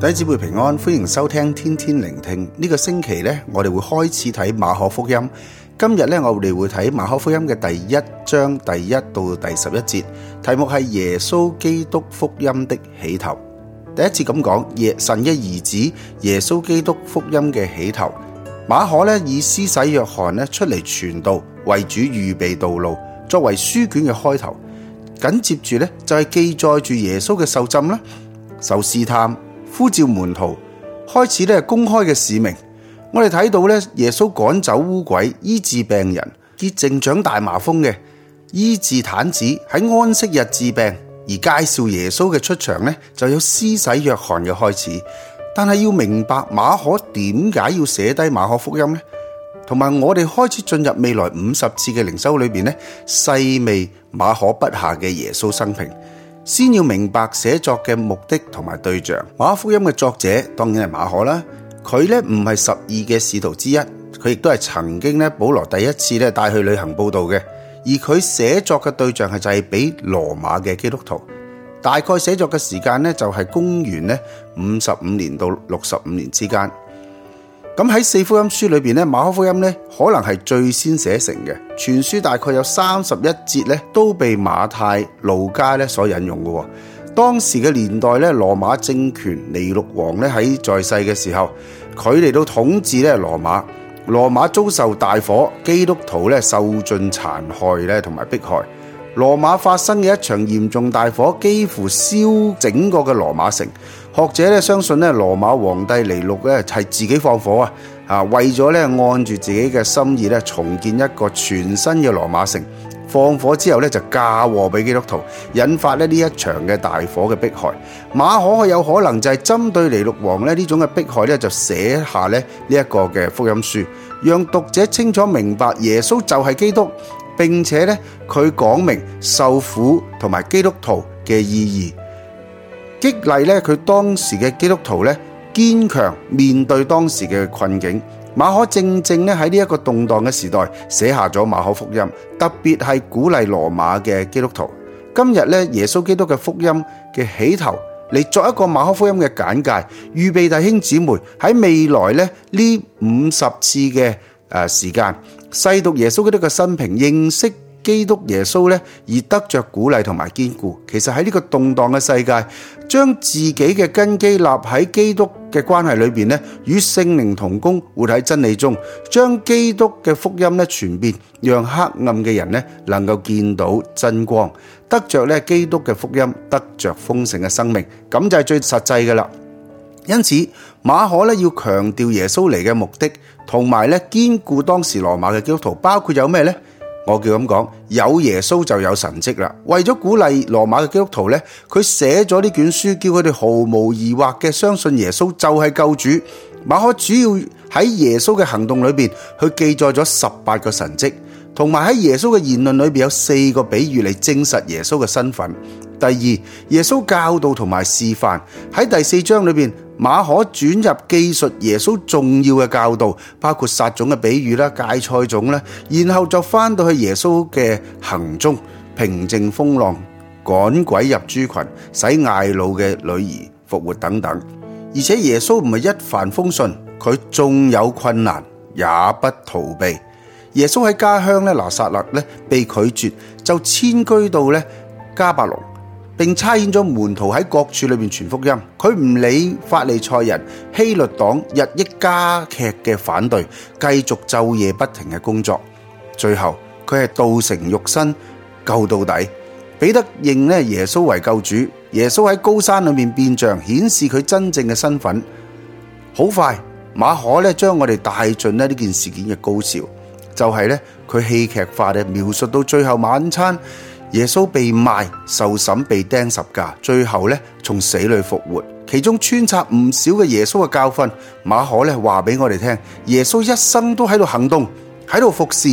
弟兄姊妹平安，歡迎收聽天天聆聽。呢個星期咧，我哋會開始睇馬可福音。今日咧，我哋會睇馬可福音嘅第一章第一到第十一節，題目係耶穌基督福音的起頭。第一節咁講，耶神嘅兒子耶穌基督福音嘅起頭。馬可咧以施洗約翰咧出嚟傳道為主預備道路，作為書卷嘅開頭。緊接住咧就係記載住耶穌嘅受浸啦，受試探。呼召門徒，開始咧公開嘅使命。我哋睇到咧，耶穌趕走污鬼，醫治病人，潔淨長大麻風嘅，醫治癱子，喺安息日治病，而介紹耶穌嘅出場咧就有施洗約翰嘅開始。但係要明白馬可點解要寫低馬可福音呢？同埋我哋開始進入未來五十次嘅靈修裏邊呢，細味馬可筆下嘅耶穌生平。先要明白寫作嘅目的同埋對象。馬福音嘅作者當然係馬可啦，佢咧唔係十二嘅使徒之一，佢亦都係曾經咧保羅第一次咧帶去旅行佈道嘅，而佢寫作嘅對象係就係俾羅馬嘅基督徒，大概寫作嘅時間咧就係公元咧五十五年到六十五年之間。咁喺四福音書裏邊咧，馬可福音咧可能係最先寫成嘅。全書大概有三十一節咧，都被馬太、路加咧所引用嘅。當時嘅年代咧，羅馬政權尼祿王咧喺在世嘅時候，佢嚟到統治咧羅馬，羅馬遭受大火，基督徒咧受盡殘害咧，同埋迫害。羅馬發生嘅一場嚴重大火，幾乎燒整個嘅羅馬城。學者咧相信咧，羅馬皇帝尼祿咧係自己放火啊，啊為咗咧按住自己嘅心意咧重建一個全新嘅羅馬城。放火之後咧就嫁禍俾基督徒，引發咧呢一場嘅大火嘅迫害。馬可有可能就係針對尼祿王咧呢種嘅迫害咧，就寫下咧呢一個嘅福音書，讓讀者清楚明白耶穌就係基督。並且咧，佢講明受苦同埋基督徒嘅意義，激勵咧佢當時嘅基督徒咧堅強面對當時嘅困境。馬可正正咧喺呢一個動盪嘅時代寫下咗馬可福音，特別係鼓勵羅馬嘅基督徒。今日咧耶穌基督嘅福音嘅起頭，嚟作一個馬可福音嘅簡介，預備弟兄姊妹喺未來咧呢五十次嘅。誒時間細讀耶穌嘅呢個生平，認識基督耶穌咧，而得著鼓勵同埋堅固。其實喺呢個動盪嘅世界，將自己嘅根基立喺基督嘅關係裏邊咧，與聖靈同工，活喺真理中，將基督嘅福音咧傳遍，讓黑暗嘅人咧能夠見到真光，得著咧基督嘅福音，得著豐盛嘅生命，咁就係最實際嘅啦。因此，馬可咧要強調耶穌嚟嘅目的，同埋咧堅固當時羅馬嘅基督徒，包括有咩呢？我叫咁講，有耶穌就有神蹟啦。為咗鼓勵羅馬嘅基督徒咧，佢寫咗呢卷書，叫佢哋毫無疑惑嘅相信耶穌就係救主。馬可主要喺耶穌嘅行動裏邊，佢記載咗十八個神蹟，同埋喺耶穌嘅言論裏邊有四個比喻嚟證實耶穌嘅身份。第二，耶穌教導同埋示範喺第四章裏邊，馬可轉入記述耶穌重要嘅教導，包括撒種嘅比喻啦、芥菜種咧，然後就翻到去耶穌嘅行蹤，平靜風浪、趕鬼入豬羣、使睚魯嘅女兒復活等等。而且耶穌唔係一帆風順，佢仲有困難也不逃避。耶穌喺家鄉咧，拿撒勒咧被拒絕，就遷居到咧迦百農。並差遣咗門徒喺各處裏邊傳福音，佢唔理法利賽人、希律黨日益加劇嘅反對，繼續晝夜不停嘅工作。最後佢係道成肉身，救到底。彼得認咧耶穌為救主，耶穌喺高山裏面變像，顯示佢真正嘅身份。好快，馬可咧將我哋帶進呢件事件嘅高潮，就係咧佢戲劇化嘅描述到最後晚餐。耶穌被賣、受審、被釘十架，最後咧從死裏復活，其中穿插唔少嘅耶穌嘅教訓。馬可咧話俾我哋聽，耶穌一生都喺度行動，喺度服侍，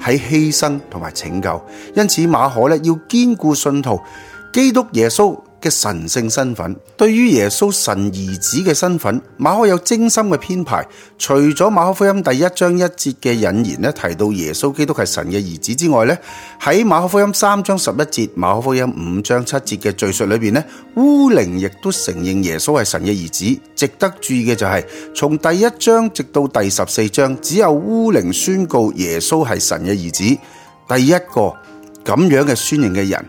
喺犧牲同埋拯救。因此，馬可咧要堅固信徒，基督耶穌。嘅神聖身份，對於耶穌神兒子嘅身份，馬可有精心嘅編排。除咗馬可福音第一章一節嘅引言咧提到耶穌基督係神嘅兒子之外咧，喺馬可福音三章十一節、馬可福音五章七節嘅敘述裏邊咧，污靈亦都承認耶穌係神嘅兒子。值得注意嘅就係、是，從第一章直到第十四章，只有污靈宣告耶穌係神嘅兒子。第一個咁樣嘅宣言嘅人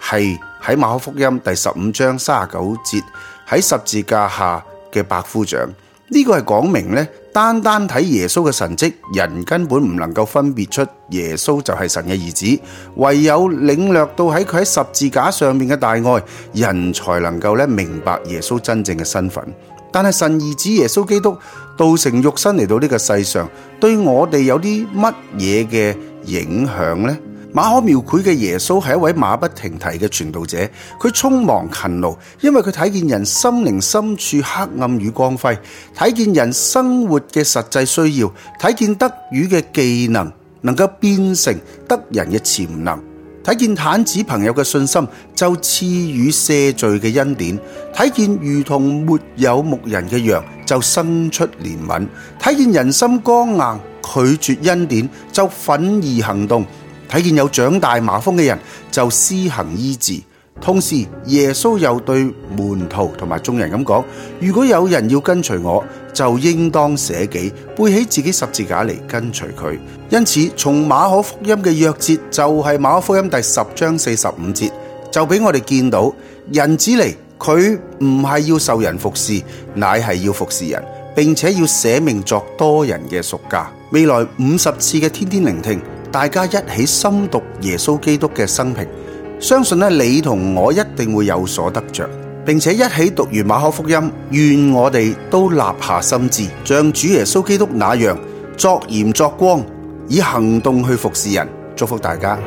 係。喺馬可福音第十五章三十九節，喺十字架下嘅百夫長，呢個係講明咧，單單睇耶穌嘅神蹟，人根本唔能夠分別出耶穌就係神嘅兒子，唯有領略到喺佢喺十字架上面嘅大愛，人才能夠咧明白耶穌真正嘅身份。但係神兒子耶穌基督道成肉身嚟到呢個世上，對我哋有啲乜嘢嘅影響咧？馬可描繪嘅耶穌係一位馬不停蹄嘅傳道者，佢匆忙勤勞，因為佢睇見人心靈深處黑暗與光輝，睇見人生活嘅實際需要，睇見得魚嘅技能能夠變成得人嘅潛能，睇見癱子朋友嘅信心就賜予赦罪嘅恩典，睇見如同沒有牧人嘅羊就生出憐憫，睇見人心剛硬拒絕恩典就憤而行動。睇見有長大麻風嘅人，就施行醫治。同時，耶穌又對門徒同埋眾人咁講：如果有人要跟隨我，就應當捨己，背起自己十字架嚟跟隨佢。因此，從馬可福音嘅約節，就係馬可福音第十章四十五節，就俾我哋見到人子嚟，佢唔係要受人服事，乃係要服事人，並且要捨命作多人嘅贖價。未來五十次嘅天天聆聽。大家一起深讀耶穌基督嘅生平，相信咧你同我一定會有所得着，並且一起讀完馬可福音，願我哋都立下心志，像主耶穌基督那樣作鹽作光，以行動去服侍人。祝福大家。